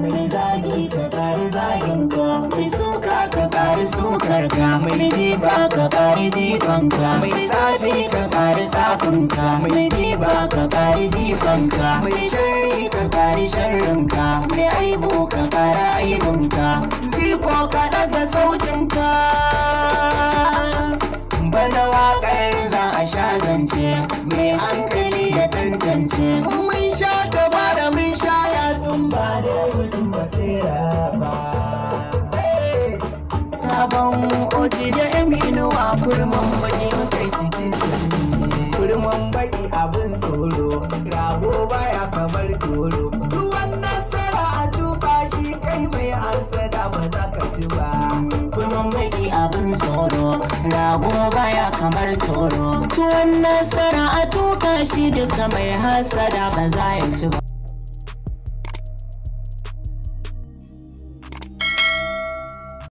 Mai zagi ka kare zagin ka, mai suka ka kare sukar ka, mai jiba ka kare jiban ka, mai zafi ka kare zafin ka, mai jiba ka kare jifan ka, mai sharri ka kare sharrin ka, mai aibu ka kare aibun ka, ziko ka daga sautin ka. Bana waƙar za a sha zance, mai hankali. raba sabon oji da yan inuwa kurman baki kai cikin zance kurman baki abin tsoro rago baya kamar toro ruwan nasara a tuka shi kai mai hasada ba za ka ci ba kurman baki abin tsoro rago baya kamar toro tuwon nasara a tuka shi duka mai hasada ba za ya ci ba